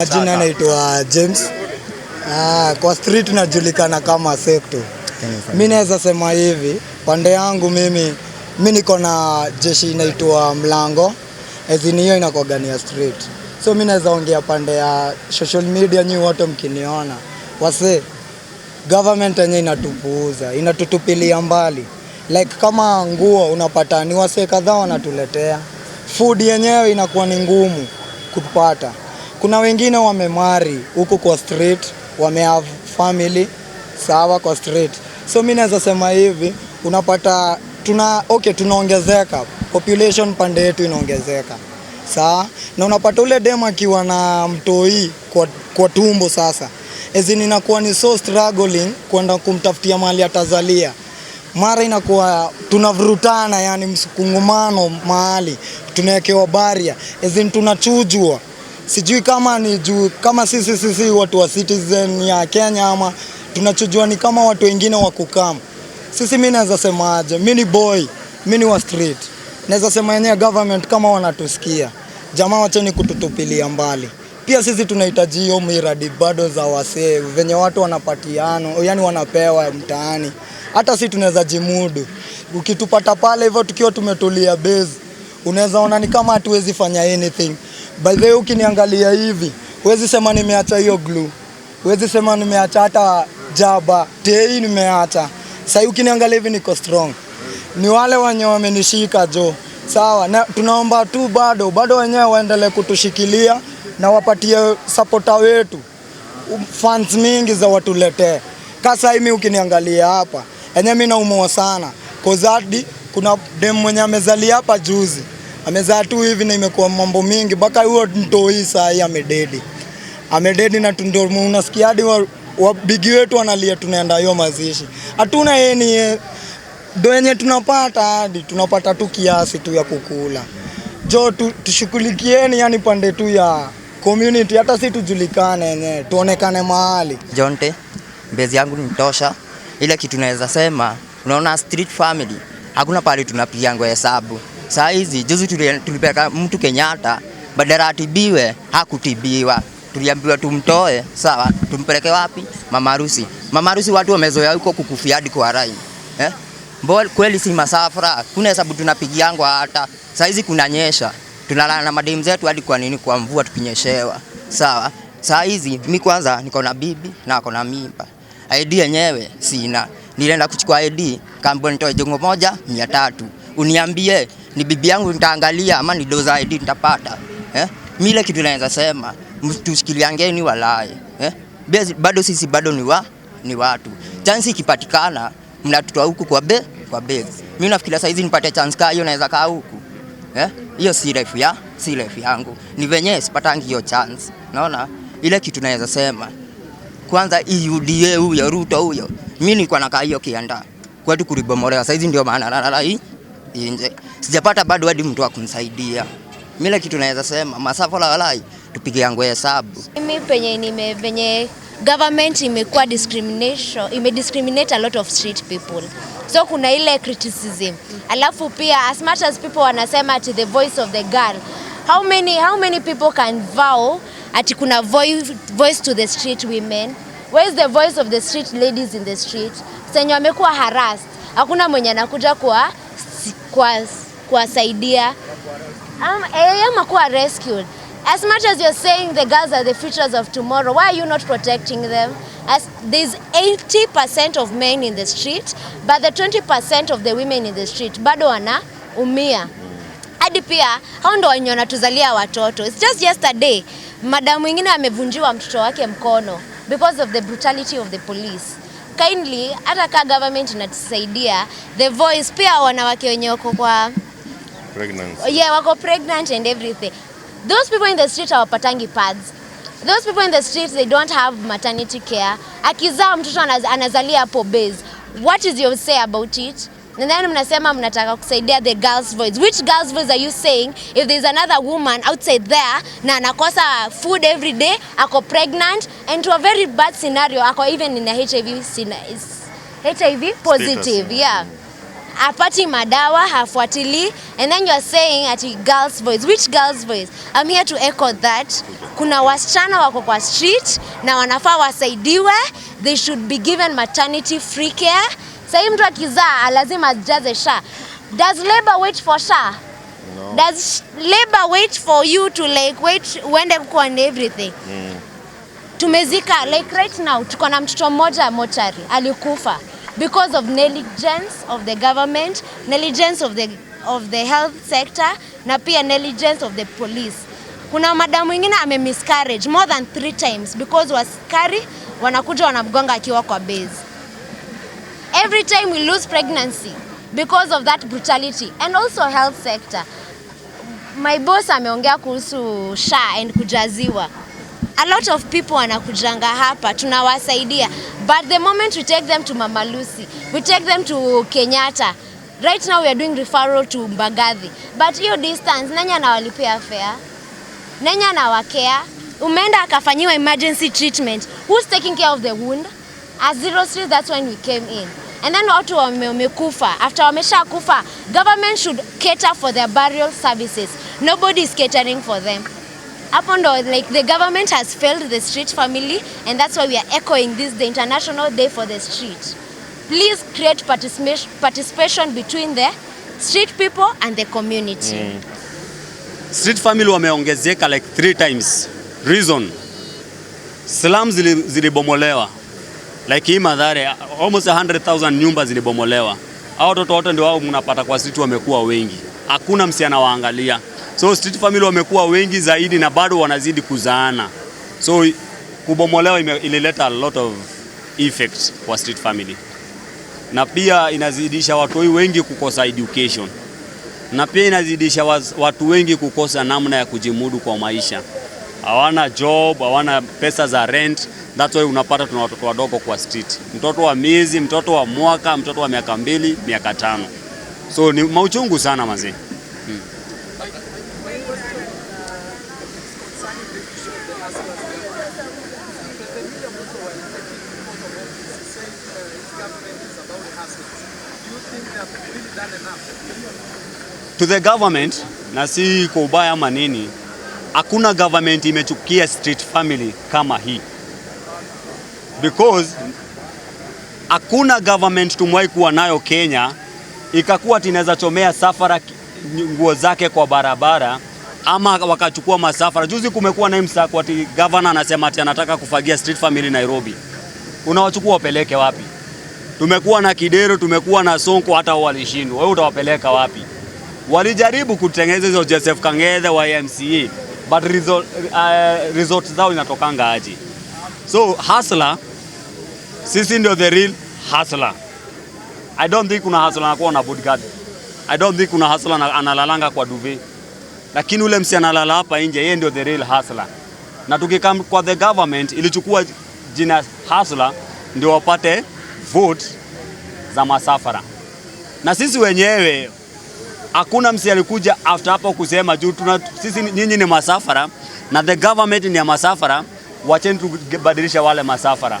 Majina naitwa James. Ah, kwa street najulikana kama Secto. Mimi naweza sema hivi, pande yangu mimi mimi niko na jeshi inaitwa Mlango. Ezini hiyo inakogania street. So mimi naweza ongea pande ya social media, nyinyi wote mkiniona. Wase government yenye inatupuuza, inatutupilia mbali. Like kama nguo unapata ni wase kadhaa wanatuletea. Food yenyewe inakuwa ni ngumu kupata. Kuna wengine wamemwari huku kwa street, have family sawa kwa street. So mimi naweza sema hivi, unapata tuna okay, tunaongezeka population pande yetu inaongezeka sawa, na unapata ule dem akiwa na mtoi kwa, kwa tumbo sasa ezini inakuwa ni so struggling kwenda kumtafutia mahali atazalia mara inakuwa tunavurutana, yani msukungumano mahali tunawekewa baria ezini tunachujwa sijui kama ni juu kama sisi sisi watu wa citizen ya Kenya ama tunachojua ni kama watu wengine wa kukam. Sisi mimi naweza sema aje, mimi ni boy, mimi ni wa street. Naweza sema yenyewe government kama wanatusikia, jamaa wacheni kututupilia mbali. Pia sisi tunahitaji hiyo miradi bado za wasee venye watu wanapatiano, yani wanapewa mtaani. Hata sisi tunaweza jimudu, ukitupata pale hivyo tukiwa tumetulia base, unaweza ona ni kama hatuwezi fanya anything. By the way, ukiniangalia hivi huwezi sema nimeacha hiyo glue, huwezi sema nimeacha hata jaba tei, nimeacha sasa. Ukiniangalia hivi niko strong, ni wale wenye wamenishika jo. Sawa na tunaomba tu bado bado wenyewe waendelee kutushikilia na wapatie supporta wetu fans mingi za watuletee kasa. Mimi ukiniangalia hapa enye mimi naumwa sana kozadi, kuna dem mwenye amezalia hapa juzi amezaa tu hivi na imekuwa mambo mingi mpaka huo hii saa hii amededi, amededi na tundo unasikia hadi wabigi wetu wanalia, tunaenda hiyo mazishi, hatuna yeni do yenye tunapata, hadi tunapata tu kiasi tu ya kukula jo, tushughulikieni yani pande tu ya community, hata si tujulikane yenyewe tuonekane mahali. Jonte mbezi yangu ni tosha, ile kitu naweza sema, unaona street family hakuna pale ngo hesabu Saa hizi juzi tulipeka mtu Kenyatta, badala atibiwe hakutibiwa, tuliambiwa tumtoe. Sawa, tumpeleke wapi? Mama harusi. Mama harusi watu wamezoea huko kukufia hadi kwa rai eh? Mbona kweli si masafra, Kuna hesabu tunapigiangwa, hata saa hizi kunanyesha, tunalala na madem zetu hadi kwa nini? Kwa mvua tukinyeshewa. Sawa, saa hizi mimi kwanza niko na bibi na ako na mimba, ID yenyewe sina, nilienda kuchukua ID, kambo, nitoe jongo moja mia tatu, uniambie ni bibi yangu, nitaangalia ama ni doza ID nitapata eh? Mile kitu naweza sema mtusikiliangeni walai eh? Bado sisi bado ni, wa, ni watu. Chansi ikipatikana mnatutoa huku kwa be kwa be. Mimi nafikiria saizi nipate chance kaa hiyo naweza kaa huku eh? Hiyo si life ya si life yangu, ni venye sipatangi hiyo chance. Naona ile kitu naweza sema kwanza UDA huyo Ruto huyo, mimi nilikuwa nakaa hiyo kianda kwetu kulibomolewa, saizi ndio maana hii inje. sijapata bado hadi mtu akunisaidia. Mimi kitu naweza sema masafa la walai tupige yangu hesabu. Mimi penye nime venye government imekuwa discrimination ime discriminate a lot of street people. So kuna ile criticism. Alafu pia as much as people wanasema to the voice of the girl. How many how many people can vow ati kuna voice, voice to the street women? Where is the voice of the street ladies in the street? Senyo amekuwa harassed. Hakuna mwenye anakuja kwa kuwasaidia um, eh, ama kuwa rescued as much as you're saying the girls are the futures of tomorrow why are you not protecting them as there's 80% of men in the street but the 20% of the women in the street bado wanaumia hadi pia hao ndo wenye wanatuzalia watoto it's just yesterday madamu mwingine amevunjiwa mtoto wake mkono because of the brutality of the police kindly, hata ka government inatusaidia the voice pia wanawake wenye wako kwa pregnant. Yeah, wako pregnant and everything. Those people in the street hawapatangi pads. Those people in the streets they don't have maternity care. Akizaa mtoto anazalia hapo base. What is your say about it? And then mnasema mnataka kusaidia the girls voice. Which girls voice are you saying if there's another woman outside there na anakosa food every day, ako pregnant and to a very bad scenario, ako even in a HIV HIV positive. Yeah. Apati madawa, hafuatili and then you are saying ati girls voice. Which girls voice? I'm here to echo that. Kuna wasichana wako kwa street na wanafaa wasaidiwe. They should be given maternity free care. Sahii mtu akizaa lazima ajaze SHA. Does labor wait for SHA? No. Does labor wait for you to like wait uende huko and everything? Mm. Tumezika like right now tuko na mtoto mmoja mochari alikufa because of negligence of the government, negligence of the of the health sector na pia negligence of the police. Kuna madam mwingine ame miscarriage more than three times because waskari wanakuja wanamgonga akiwa kwa base every time we lose pregnancy because of that brutality and also health sector. My boss ameongea kuhusu SHA and kujaziwa. A lot of people wanakujanga hapa tunawasaidia, but the moment we take them to Mama Lucy, we take them to Kenyatta. Right now we are doing referral to Mbagathi. But hiyo distance nani anawalipia fare? Nani anawakea? Umeenda akafanyiwa emergency treatment. Who's taking care of the wound? At Zero Street, that's when we came in and then watu wamekufa. After wamesha kufa, government should cater for their burial services. Nobody is catering for them. Hapo ndo like the government has failed the street family and that's why we are echoing this the International Day for the Street. Please create participation, participation between the street people and the community. Mm. Street family wameongezeka like three times. Reason. Slums zilibomolewa. zili like hii madhare almost 100,000 nyumba zilibomolewa. Hao watoto wote ndio wao mnapata kwa street, wamekuwa wengi, hakuna msichana waangalia, so street family wamekuwa wengi zaidi na bado wanazidi kuzaana, so kubomolewa ilileta a lot of effect kwa street family, na pia inazidisha watu wengi kukosa education, na pia inazidisha watu wengi kukosa namna ya kujimudu kwa maisha. Hawana job, hawana pesa za rent That's why unapata tuna watoto wadogo kwa street, mtoto wa miezi, mtoto wa mwaka, mtoto wa miaka mbili, miaka tano. So ni mauchungu sana mazee. To the government, na si kwa ubaya ama nini, hakuna government imechukia street family kama hii because hakuna government tumwahi kuwa nayo Kenya ikakuwa tinaweza chomea safara nguo zake kwa barabara ama wakachukua masafara. Juzi kumekuwa na msako ati governor anasema ati anataka kufagia street family Nairobi. Unawachukua wapeleke wapi? Tumekuwa na Kidero, tumekuwa na Sonko, hata walishindwa. Wewe utawapeleka wapi? Walijaribu kutengeneza hizo Joseph Kangethe wa MCA, e, but resort, uh, eh, resort zao inatokanga aje? So hustler sisi ndio the real hustler. I don't think kuna hustler anakuwa na bodyguard. I don't think kuna hustler analalanga kwa duvet. Lakini ule msi analala hapa nje, yeye ndio the real hustler. Na tukikam kwa the government ilichukua jina hustler ndio wapate vote za masafara. Na sisi wenyewe hakuna msi alikuja after hapo kusema juu tuna sisi nyinyi ni masafara na the government ni ya masafara, wacheni tubadilisha wale masafara.